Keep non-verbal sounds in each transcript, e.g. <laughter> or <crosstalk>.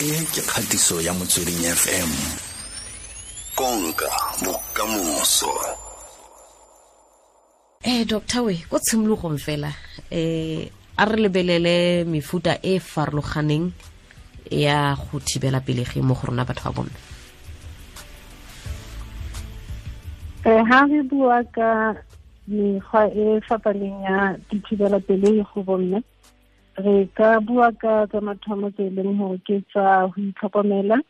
e ke kgatiso ya motsweding fm konka bokamoso eh doctor we ko tshimologong fela eh a re lebelele mefuta e farologaneng ya go thibela pelegi mo go rona batho ba bomme eh ha re bua ka mekgwa e fapaneng ya dithibela pelegi go bomme re ka bua ka tsa mathomo tse e leng gore ke tsa go itlhokomela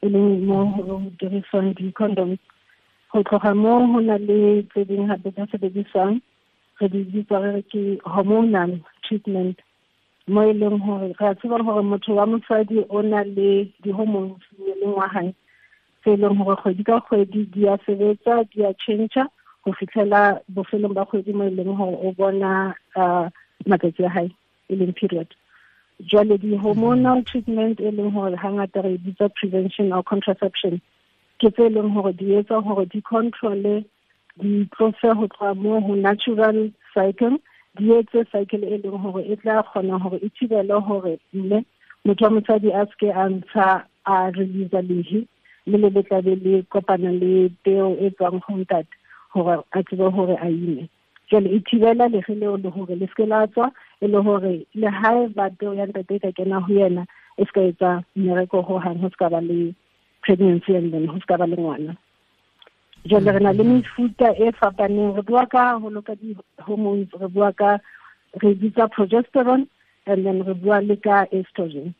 e leng mo go dirisiwang di-condoms go tloga mo go na le tse dingwe gape tsa sebedisang re di bitsa re ke hormonal treatment mo e leng gore re a tseba gore motho wa mosadi o na le di-hormones mmeleng wa gae tse e leng gore kgwedi ka kgwedi di a sebetsa di a changer go fitlhela bofelong ba kgwedi mo e leng gore o bona uh, matsatsi a gae e leng period jwale di-hormonal mm. treatment e leng gore ga re bitsa prevention or contraception ke tse e leng gore di etsa gore di-controle di tlose go tloa mo go natural cycle di etse cycle e leng gore e tla kgona gore e thibele gore mme motho wa mosadi a seke a ntsha a releasa lehe le le le tlabe le kopana le peo e tswang go gore a tsebe gore a ime ke e thibela le leo le gore le seke la tswa e le gore le hae ba peo ya ntate e ka kena go yena e seka etsa mmereko go hang ho seka ba le pregnancy and then ho seka ba le ngwana jale re na le mm-hmm. mefuta e fapaneng re bua ka holo ka di-hormones re bua ka re bitsa progesterone and then re bua le ka estrogen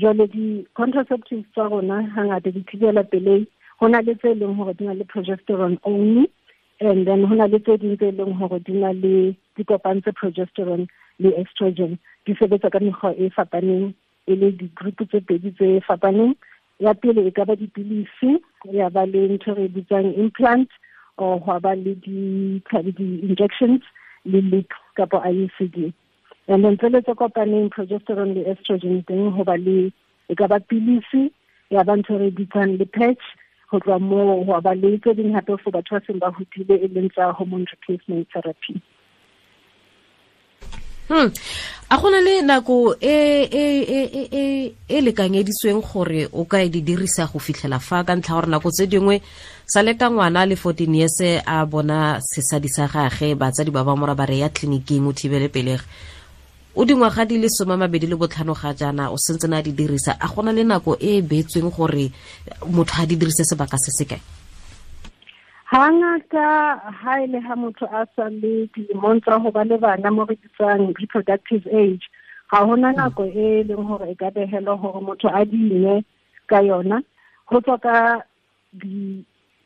jale di-contraceptives tsa rona hangata di thibela pelei go na le tse e leng gore di na le progesterone only and then ho na le tse ding tse leng gore di na le progesterone le estrogen di sebetsa ka mekgwa e fapaneng e le di-group tse pedi tse fapaneng ya pele e ka ba dipilisi ya ba le ntho re bitsang implant or hwa ba le di-injections le lip kapo i c d and then tsele tse kopaneng progesterone le estrogen teng ho ba le e ka ba pilisi ya ba ntho re bitsang le patch go tloa moo wa ba le tse dingwe gape for batho ba seng ba hutile e leng tsa hormone replacement therapy hmm a gona le nako e, e e e e e lekanyeditsweng gore o ka e di dirisa go fitlhela fa ka ntlha gore nako tse dingwe sa leka ngwana le 14 years a bona sesadi sa gage batsadi ba ba mora ba re ya tleliniking o thibele pelege o dingwaga di le some mabedi le botlhano ga jaana o sentse na di dirisa a gona le nako e e beetsweng gore motho a di dirise sebaka se se kae ngaka ga e le ga motho a sa le dilemong tsa go ba le bana mo re bitsang reproductive age ga gona nako e e leng gore e ka behelwa gore motho a dine ka yona go tswa ka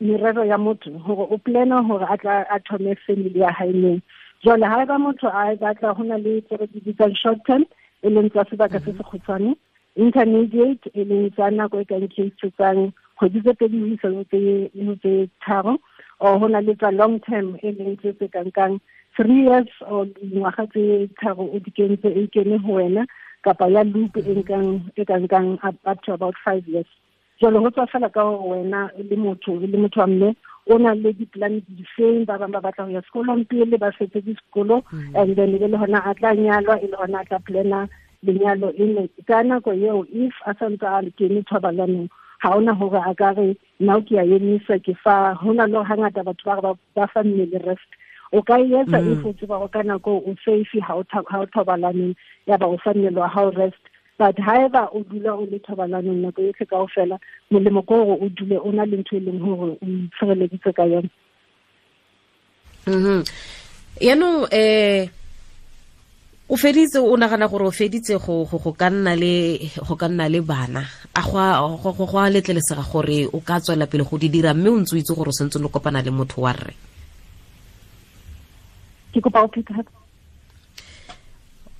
merero ya motho gore o plana gore a tla a thome family ya haeneng jwale ha ka motho a batla go na le tsere di bitsang short term e leng tsa sebaka se se kgutshwane intermediate e leng tsa nako e kang case tsang kgwedi tse pedi ho isang tse tharo or ho na le tsa long term e leng tse tse kankang three years or dingwaga tse tharo o e kene wena kapa ya loop e kankang up to about five years jalo go tswa fela ka gore wena le motho le motho wa mme o na le di-plan di ba bangwe ba batla go ya sekolong pele ba fetse ke sekolo mm. and then e le gona a tla nyalwa e le gona a tla plana lenyalo ene ka nako eo if a santse a kene thobalanong ga ona gore a kare nao ke a emisa ke fa go na le hangata batho ba re ba fa mmele rest o ka e etsa mm. if o tseba go ka nako o safe ga o thobalaneng ya ba o fa mmele wa gao rest but however o dula o le thobalanong nako yotlhe kao fela molemo ko gore o dule o na le ntho e leng gore o itshireleditse ka yone mhm yaanong um eh, o feditse o nagana gore o feditse go go ka nna le go ka nna le bana a go go go a letlelesega gore o ka tswela pele go di dira mme o ntse o itse gore o sentse o kopana le motho wa rre ke kopa o phethagatsa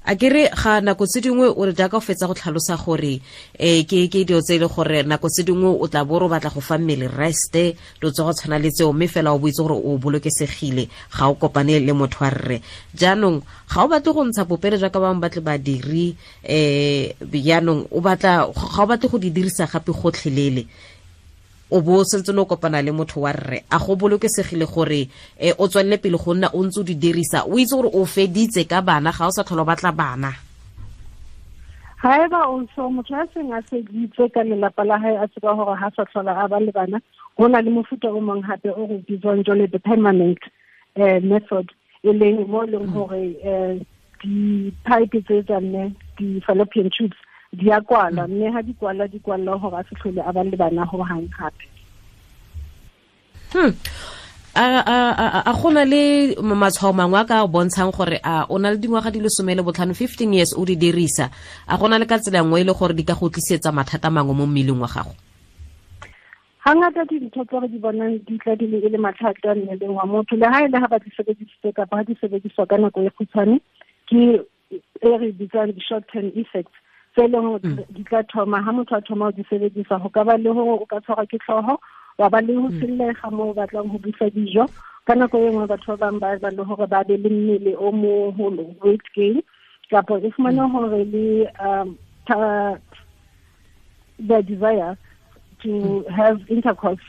a kere ga nako tse dingwe o re jaaka o fetsa go tlhalosa gore um ke ke dilo tse e le gore nako tse dingwe o tla bo re o batla go fa mmele reste dilo tsa go tshwana le tseo mme fela o boitse gore o bolokesegile ga o kopane le motho a rre jaanong ga o batle go ntsha popele jaaka bangwe batle badiri um eh, jaanong ga o batle go di dirisa gape gotlhelele o bo o sentse o kopana le motho wa rre a go bolokesegile gore um o tswelele pele go nna o ntse o di dirisa o itse gore o feditse ka bana ga o sa tlhola batla bana ga e ba onso motho a seng a seditse ka lelapa la gae a tseba gore ga sa tlhola a ba le bana go na le mofuta o mongwe gape o go bitswang jole the permanent um method e leng mo e leng gore um e, di-pipe tse tsa nne di-fallopian tubes di a mme ga di kwala di kwala gore a se tlhole a ba le bana go gang gape hmm. a a gona le matshwao mangwe a ka bontshang gore a o na le dingwaga di le some le botlhano fifteen years o di dirisa a gona le ka tsela nngwe e le gore di ka go tlisetsa mathata mangwe mo mmeleng wa gago ga ngata dintho tse re di bonang di tla di le e le mathata a mmeleng wa motho le ga e le ga ba di sebedisitse kapa ga di sebediswa ka nako e khutshwane ke e re bitsang di-short term effects tse leng mm. di tla thoma ha motho a thoma o di sebedisa go ka ba le gore o ka tshwarwa ke tlhogo wa ba le go mm. sellega mo o batlang go busa dijo ka nako e nngwe batho ba bangwe ba ba le gore ba be le mmele o mogolo weight gain kapo e fumane gore mm. le um the desire to have intercourse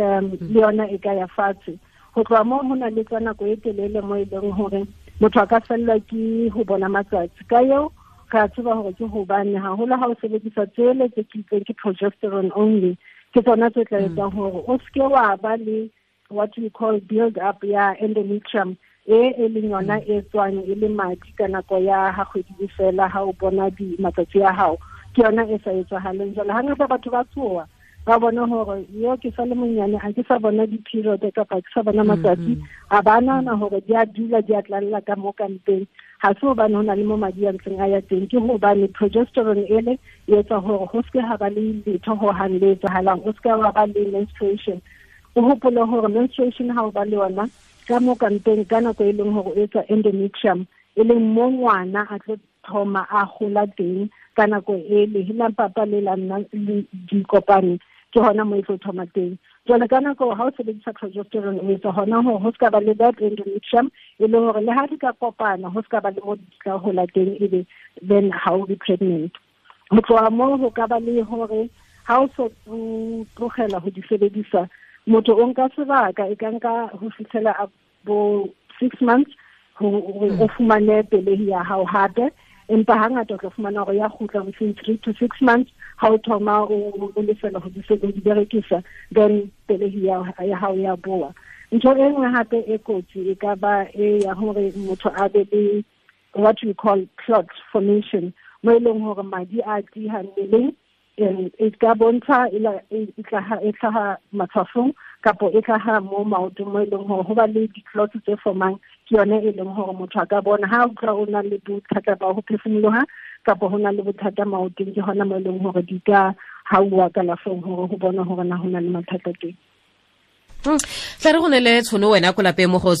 um le yona e ka ya fatshe go tloa mo go na le tsa nako e telele mo e leng gore motho a ka felelwa ke go bona matsatsi ka eo ka tseba gore ke gobane haholo ga o sebedisa tsele tse ke itseng ke progesterone only ke tsona tse tla hmm. etsang gore o seke wa ba le what we call build up ya endometrium e e leng yona hmm. e tswang e le madi ka nako ya ga kgwedi e fela ga o bona matsatsi a gago ke yona e sa e etswagaleng jalo gangata batho ba tsoa ba bone gore yo ke sa le monyane ga ke sa bona di-period kapa ke sa bona matsatsi ga hmm, ba nana gore di a dula di a tlalela ka mo kampeng ga se gobane go na le mo madi a ntseng a ya teng ke gobane progesterone ele e etsa gore go seke ga ba le letho gogang le etsagalang go seke wa ba le menstruation o gopole gore menstruation ga o ba le yona ka mo kampeng ka nako e leng gore o etsa endometrium e leng mo ngwana a tlo thoma a gola teng ka nako e le hela papa le la nna le dikopane ke gona mo e tlo thoma teng jwale ka nako ha o sebedisa progesterone o etsa hona hore ho se ka ba le that endometrium e le hore le ha di ka kopana ho se ka ba le mo di tla hola teng ebe then ha o be pregnant ho tloha moo ho ka ba le hore ha o so tlogela ho di sebedisa motho o nka sebaka e ka nka ho fitlhela bo six months ho o fumane pelehi ya hao hape empa hangata o tlo fumana hore ya kgutla within three to six months ha o thoma o lefela go di di berekisa then pelegi ya hao ya boa ntho e nngwe gape e kotsi e ka ba e ya gore motho a be le what we call clot formation mo e leng gore madi a tiga mmeleng e ka bontsha e tlhaga matshwafong kapo e tlhaga mo maotong mo e leng gore go ba le di-clot tse formang ke yone e leng gore motho a ka bona ha o tla o na le bothata ba go kapo ho na le bothata maoteng ke hona mo e leng hore di ka hauwa kalafong hore go bona hore na ho na le mathata teng hmm. tla re go ne le tshono wena ko lapeng mo go 0898605665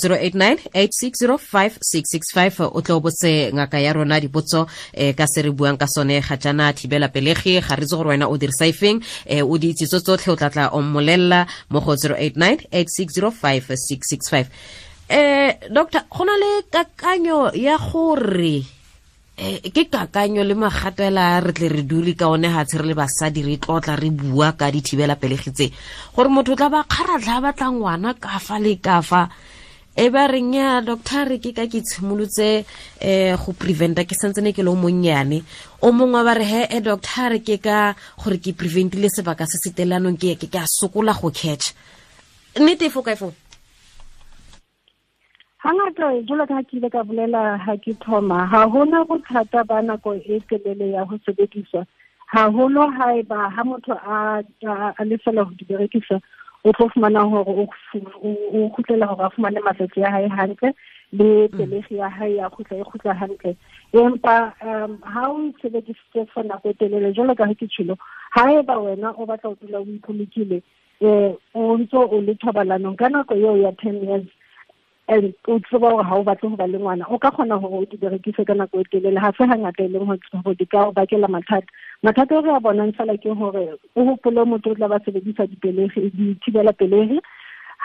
o tle o botse ngaka ya rona dipotso um ka se re buang ka sone ga jaana thibela pelegi ga re itse gore wena o dirisa efeng um o diitsitso tsotlhe o tlatla o mmolelela mo go 0898605665 um eh, doctor go na le kakanyo ya gore Eh, ke kakanyo le magatela re tle re dule ka one gatshe re le basadi re tlotla re bua ka dithibela pelegitse gore motho o tla ba kgaratlha a batla ngwana ka fa le ka fa e ba reng ya doctor re ke ka ke tshimolotse um eh, go preventa ke santsene ke le o monnyane o mongwe ba re he e doctor ke ka gore ke preventile sebaka se se telanong ke ke a sokola go catch nnete efo ka efong hangata e, jolo ka ke ile ka bolela ha ke thoma ha hona thata ba nako e telele ya go sebediswa haholo ha ba ha motho a a lefela ho di berekisa o tlo fumana gore o kgutlela gore a fumane matsatsi a hae hantle le mm. pelegi ya hae ya kgutla e kgutla hantle empa um ha o sebedisitse for nako e telele jalo ka ha ke tshilo ha ba wena o batla o dula o ipolokile um o ntse o le thobalanong ka nako eo ya ten years and o tseba gore ga o batle go ba le ngwana o ka kgona gore o di berekise ka nako e telele ga se gangata e leng gore di ka o bakela mathata mathata o a bonang fela ke gore o gopole motho o tla ba sebedisa dithibela pelegi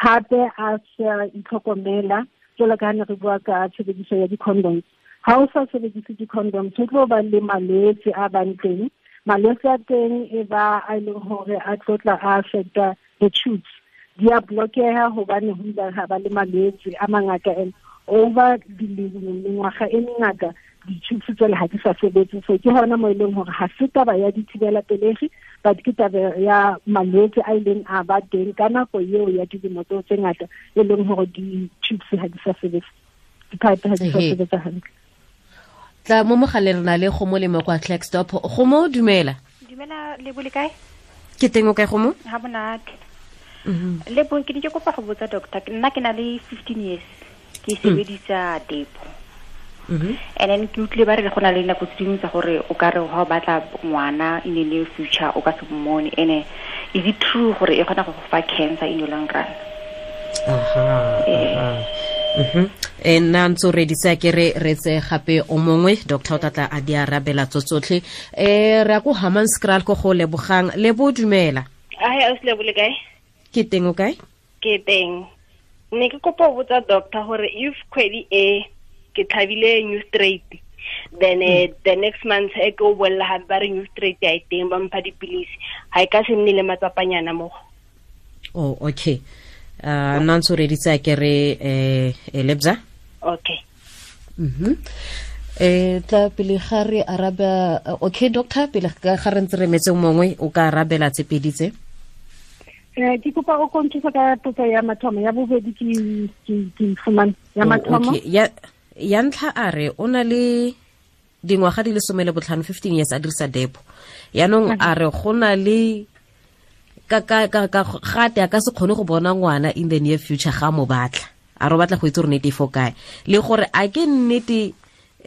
gape a sa itlhokomela jalo ka ne re bua ka tshebediso ya di-condoms ga o sa sebedise di-condoms o tlo ba le malwetse a bang teng malwetse a teng e ba a e leng gore a tlotla a affecta the tubes di a blokeha hobane ho ile ha ba le malwetse a mangata and over mengwaga e mengata tse tsele ga di sa sebetse so ke gona mo e leng gore ga se taba ya dithibela pelegi but ke taba ya malwetse a ileng a ba teng ka nako eo ya dilemo tseo tse ngata e leng gore dithuso ha di sa sebetse dipipe ha di sa sebetsa hantle tla mo mogale re na le go le mo kwa clackstop kgomo dumela dumela le bole kae ke teng o kae kgomo ha monate Mm-hmm. le bong ke ne ke kopa go botsa doctor nna ke na le fifteen years ke mm-hmm. sebedisa depo mm-hmm. and then ke utlwile ba re go na le nako tse tsa gore o ka re ga o batla ngwana in the future o ka se bomone ene eh, is it true gore e kgona go go fa cancer in your long run e nna ntse o reditse ke re retse gape o mongwe doctor o tlatla a di arabela tso tsotlhe um re ya ko hammanscral ko go lebogang bo dumela ae ausi lebole kae ke teng o kae ke teng ne ke kopa o botsa doctor gore if kgwedi e ke tlhabile new straight then uh, the next month e ke o bolela gape ba re new straight a e teng ba mpha dipilisi ga e ka se nne le matsapanyana mogo oh okay uh, nna ntsho reditsa ke re um uh, lebza okay mm -hmm. e tla pele ga re araba okay doctor pele ga re ntse re metse mongwe o ka arabela tsepeditse eh ke kopa o kontisa ka potso tota ya mathomo ya bobedi ke ke fumane ya oh, mathomo ya ya ntlha a re o na le dingwaga di le some le botlhano fifteen years a dirisa depo yaanong a re go na le ka ka ka ka gate a ka se kgone go bona ngwana in the near future ga mo batla a re o batla go itse gore nete e fo kae le gore a ke nnete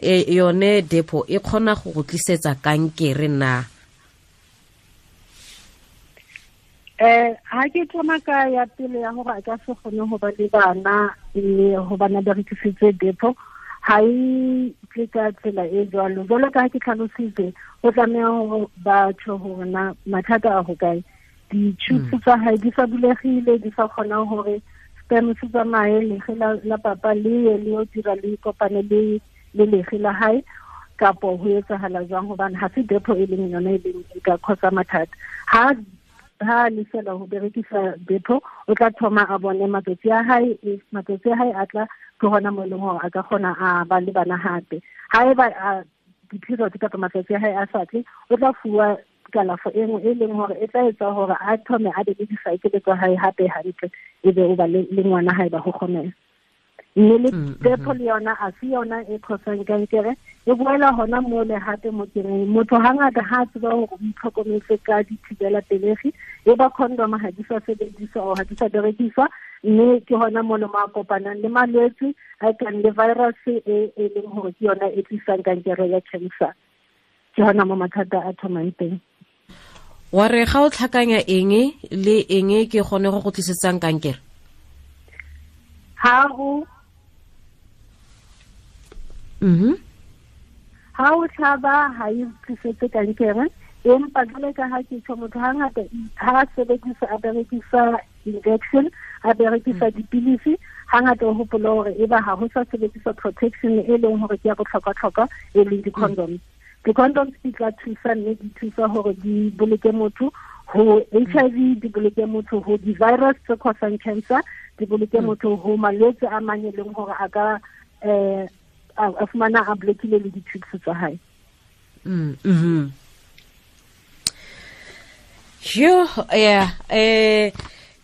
eh, yone depo e kgona go go tlisetsa kankere na eh ha ke tsama ka ya pele ya go ka se gone go ba le bana e go bana ba re tsitse depo ha i ke ka tsela e jwa lo jo ka ke tlhano tsitse o tsame go ba tsho go na mathata a go kae di tshutse tsa ha di sa bulegile di sa gona gore stem se tsa mae le ge la, la papa le ye le o dira le kopane le le le ge la hai ka po ho etsa hala jwang ho bana ha se depo e leng yona e leng ka khosa mathata ha ha le fela go berekisa depho o tla thoma a bone matsatsi a hae e matsatsi a hae a tla ke gona mo e leng gore a ka kgona a ba le bana gape ga e ba di-period kapa matsatsi a hae a satle o tla fuwa kalafo e nngwe e leng gore e tla etsa gore a thome a be le disaekele tsa hae hape hantle e be o ba le ngwana gae ba go kgomela mme le mm, mm, depho mm. le yona a se yona e kgosang kankere re boela gona mo lehate mo kereng motho ga ngata ga a tseba gore o itlhokometse ka dithibela pelegi e ba condom ga di sa sebediswa or ga di sa berekiswa mme ke gona molemo a kopanang le malwetse a e kang le virus e e leng gore ke yona e tlisang kankere ya cancer ke gona mo mathata a thomang teng wa re ga o tlhakanya eng e, le eng e ke gone go go tlisetsang kankere ha go mhm mm ha o tlhaba ha e thusetse ka lekere empa jale ka ha ke tho motho hangata ha sebedisa a berekisa injection a berekisa mm. dipilisi hangata o hopola hore e ba ha ho sa sebedisa protection e leng hore ke ya botlhokwa-tlhokwa e leng di-condoms di-condoms di tla thusa mme di thusa hore di boloke motho ho HIV di boloke motho ho di-virus tse causang cancer di boloke mm. motho ho malwetse a mang e leng hore a ka um eh, a fumana a blokile le di-tricks tsa hae mm mm yo yeah eh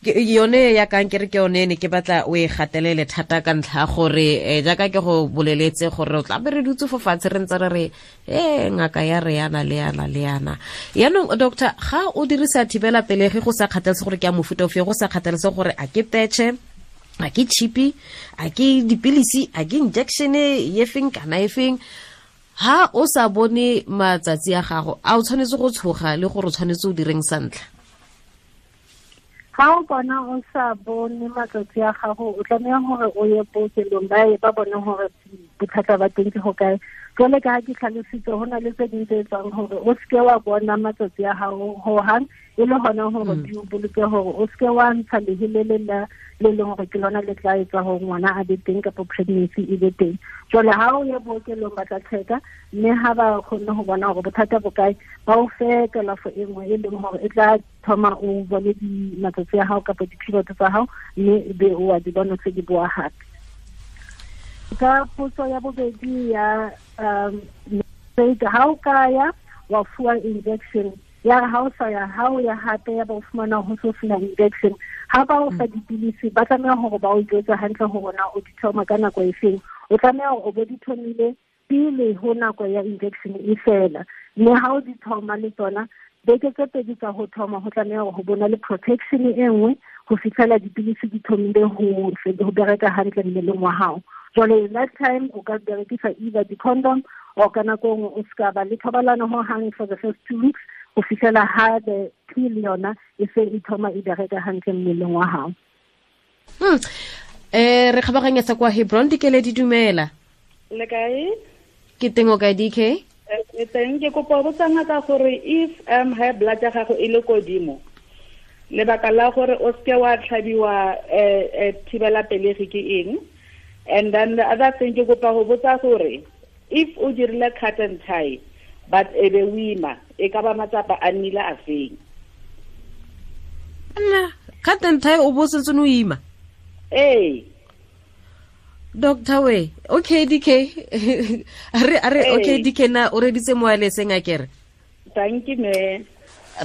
yone ya kang ke re ke yone ne ke batla o e gatelele thata ka ntlha gore eh, jaaka ke go boleletse gore o tla be re dutse fo fatshe re ntse re re e ngaka ya re yana le yana le yana yaanong doctor ga o dirisa thibela pelegi go sa kgathalese gore ke a mofuta ofe go sa kgathalese gore a ke peche a ke chipi a ke dipilisi a ke injectione ye feng kana e feng ha o sa bone matsatsi a gago a o tshwanetse go tshoga le gore o tshwanetse o direng santlha ga o bona o sa bone matsatsi a gago o tlamega gore o ye bookelong ba ba bone gore bothata ba teng ke go kae jole ka ha ke tlhalositse go na le tse ding tse etsang gore o seke wa bona matsatsi a gago gogang e le gona gore hmm. di boloke gore o seke wa ntsha lehile le le leng gore ke lona le tla etsa gore ngwana a be teng kapa pregnancy e be teng jole ga o ya bookelong ba tla check mme ga ba kgonne go bona gore bothata bo kae ba o fe kalafo e nngwe e leng gore e tla thoma o bone matsatsi a gago kapa diphilotse tsa gago mme e be o a di bona tse di boa gape ka potso ya bobedi ya um ha o kaya wa fuwa injection ya re o sa ya ha o ya hape ya ba o fumana ho so fela injection ha ba o fa mm. dipilisi ba tlameya gore ba o jwetse hantle ho bona o di thoma ka nako e feng o tlameha gore o bo di thomile pele ho nako ya injection e fela mme ha o di thoma le tsona beke tse pedi tsa ho thoma ho tlameha gore ho bona le protection e nngwe ho fitlhela dipilisi di thomile ho bereka hantle mmeleng wa hao jwale last time o ka berekisa either di-condom or ka nako e nngwe o seka ba le thobalano ho hang for the first two weeks go fitlhela ha the pill yona e se e thoma e bereka hantle mmeleng wa gago um hmm. eh, re kgabaganyetsa kwa hebron dikele di dumela le kae ke teng o kae dk eh, teng ke kopa botsanga ka gore if um high blood ya gago e le kodimo lebaka la gore o seke wa tlhabiwa um thibela pelegi ke eng and then the other thing ke kopa go botsa gore if o dirile cut and tie but e be wima e ka ba matsapa a nnile a feng nna cut and tie o bo sentse o ima ee doctor we okay dk <laughs> are are ee. okay dk na o reditse mo aleseng a kere thank you me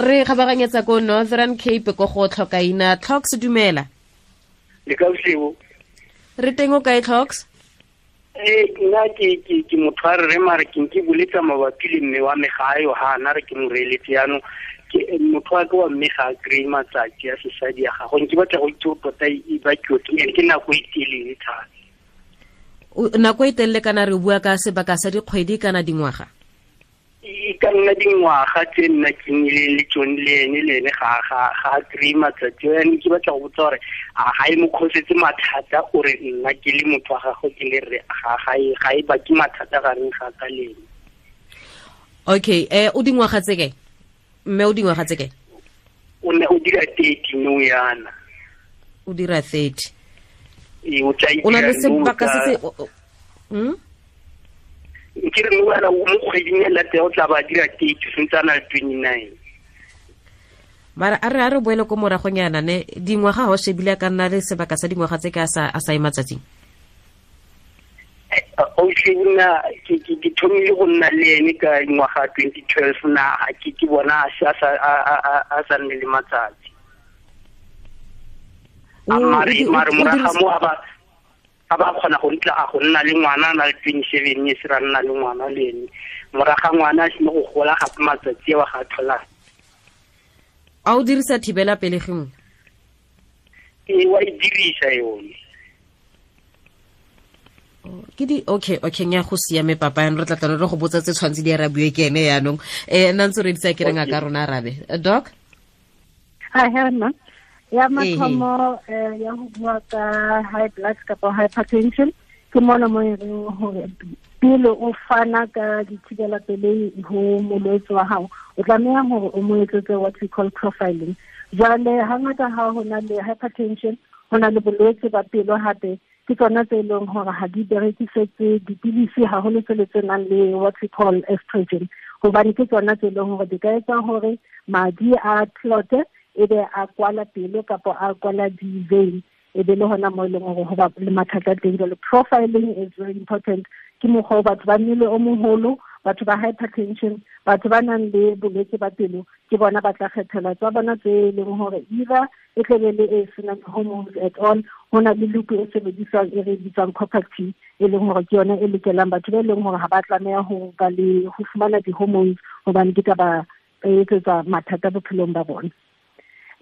re gabaganyetsa ko northern cape go go tlhokaina tlhoks dumela le ka bosibo re teng o kae tlhoks ee eh, nna ke motho a re re mare ke nke boletsa mabapi le mme wa me ga a yo re ke mo reeletse yaanong eh, motho wa ke wa mme ga a kry-e matsatsi a sesadi ya gago nke batla go itse go tota e, e bakiwa ke ke nako e telele thata nako e telele kana re bua ka sebaka sa dikgwedi kana dingwaga e ka nna dingwaga tse nna ke nnileng le tsone le ene le ene ga a kry-e matsatsi o yanong ke batla go botsa gore a ga e mo kgosetse mathata ore nna ke le motho wa gagwe ke le re ga e, e ba ke mathata gareng ga ka le ene okay um o dingwaga tse mme o dingwaga tse o dira thirty nou yana o dira thirty ee, o na le sebaka se se hmm? ke re moana mo kgweding e lateng o tla ba dira kate sentse a na le twenty nine mara a re a re boele ko moragong yanane dingwaga ga o shebile ka nna le sebaka sa dingwaga tse ke a sa ema tsatsing eh, otlhe ke thomile go nna le ene ka dingwaga twenty twelve naga ke ke bona a sa nne le matsatsi mare moraga a a ba kgona go ritla a go nna le ngwana na le twenty seven e se ra nna le ngwana le ene moraga ngwana a sene go gola gape matsatsi a wa ga a tlholang a o dirisa thibela pelegi nngwe e wa e dirisa yone ke di okay okay nya go siame papa yana re tla tlano re go botsa tse tshwantse di arabiwe ke ene yaanong um eh, nna ntse o redisa kereng a ka rona arabe eh, doc hi herma ya mathomo um eh, ya go bua ka high blood kapa hypertension ke mona mo e reng gore pele o fana ka dithibela pelei go molwetse wa gago o tlameya gore o mo what we call profiling jale ga ngata ga go na le hypertension go na le bolwetse ba pelo gape ke tsona tse e leng gore ga di berekisetse dipilisi ga go letsele tse nang le what we call estrogen gobane ke tsona tse e leng gore di ka etsa gore madi a tlote e be a kwala pelo kapo a kwala di-vein e be le gona mo e leng gore go ba le mathata teng jalo profiling is very important ke mokgwa o batho ba mmele o mogolo batho ba hypertension batho ba nang le bolwetse ba pelo ke bona ba tla kgethela tsa bona tse e leng gore ira e tlebe le e senang hormones at all go na le luku e sebedisang e re e bitswang copacty e leng gore ke yone e lokelang batho ba e leng gore ga ba tlameya go ba le go fumana di-hormones gobane ke ka ba etsetsa mathata bophelong ba bona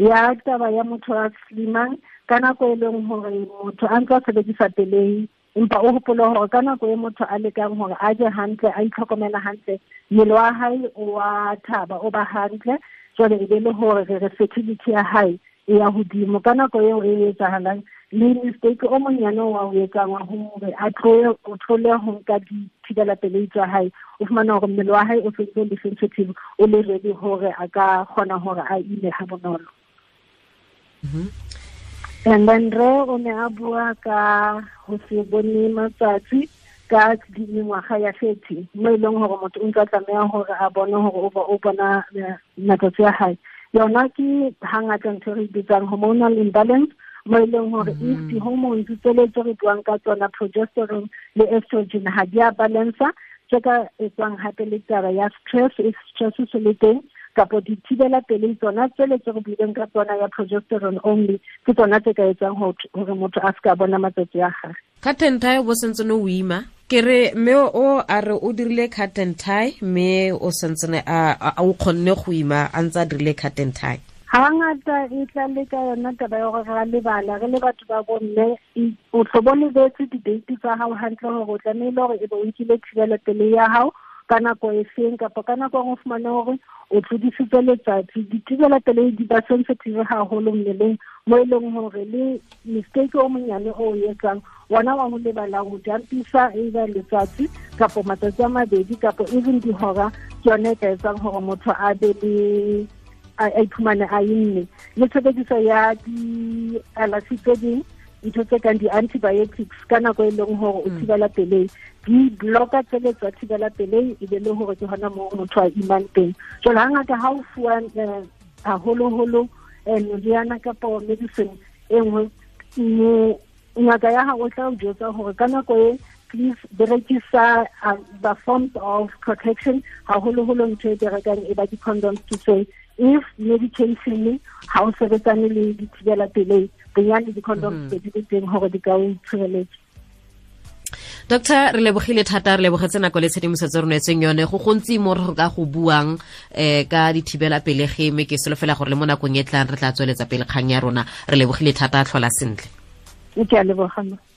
ya taba ya motho a slimang ka nako e leng gore motho a ntse a sebedisa pelei empa o gopole gore ka nako e motho a lekang gore a je hantle a itlhokomela hantle mmele wa hae o wa thaba o ba hantle jale e be le gore re re fertility ya hae e ya godimo ka nako eo e etsagalang le mistake o monyane wa o etsang wa gore a tloe o thole go nka dithibelapelei tsa hae o fumana gore mmele wa hae o fentse o le sensitive o le ready gore a ka kgona gore a ile ha bonolo Mm-hmm. and then re o ne a bua ka go se bone matsatsi ka dingwaga ya thirty mo e leng gore motho o ntse a tlameya gore a bone gore o bona e, matsatsi a gae yona ke hangata ntho e re e bitsang hormonal imbalance mo e leng gore mm-hmm. if di-hormones tsele tse re buang ka tsona progesterone le estrogen ha di a balancer jaaka e tswang gape le taba ya stress if stress se le teng kapo dithibela pelei tsona tsele tse go buileng ka tsona ya progesterone only ke tsona tse ka etsang gore motho a se ka bona matsatsi a gage ka tenta yo bo sentsene o ima ke re mme o a re o dirile cut and tie mme o sentsene a o kgonne go ima a ntse a dirile cut and tie ga ngata e tla le ka yona taba ya gore ga lebala re le batho ba bomme e, o tlhobolebetse di-date tsa gago gantle gore o tlamehile gore e be o nkile thibelopele ya gago ka nako e feng kapa ka nako ngwe o fumane gore o tlodisitse letsatsi ditibela pele di ba sensitive haholo mmeleng mo e leng gore le mistake o monyane o o etsang wona wa go lebala go jampisa either letsatsi kapo matsatsi a mabedi kapo even dihora ke yone e ka etsang gore motho a be le a iphumane a e nne le tshebediso ya di-alasi tse dingwe ntho tse kang di-antibiotics ka nako e leng gore o mm. thibela pelei di blocka tsele tsa thibela pelei e be le gore ke gona mo motho a imang teng jalo gangata ga o fuwang um eh, gaholoholo um eh, meriana kapa medicine e nngwe mm, ngaka ya gago tla o jotsa gore ka nako e please berekisa um, the forms of protection gaholoholo ntho e berekang e ba di-condoms to say if medication ga o sebetsane le dithibela pelei kenyane di-condoms pedi di mhm. teng gore di ka o tshireletsa doctor re lebogile thata re lebogetse nako le tshedimosetso re neetseng yone go gontsi mo re ka go buang um ka dithibela pelege me ke selo fela gore le mo nakong e tlang re tla tsweletsa pele kgang ya rona re lebogile thata a tlhola sentle ke a lebogama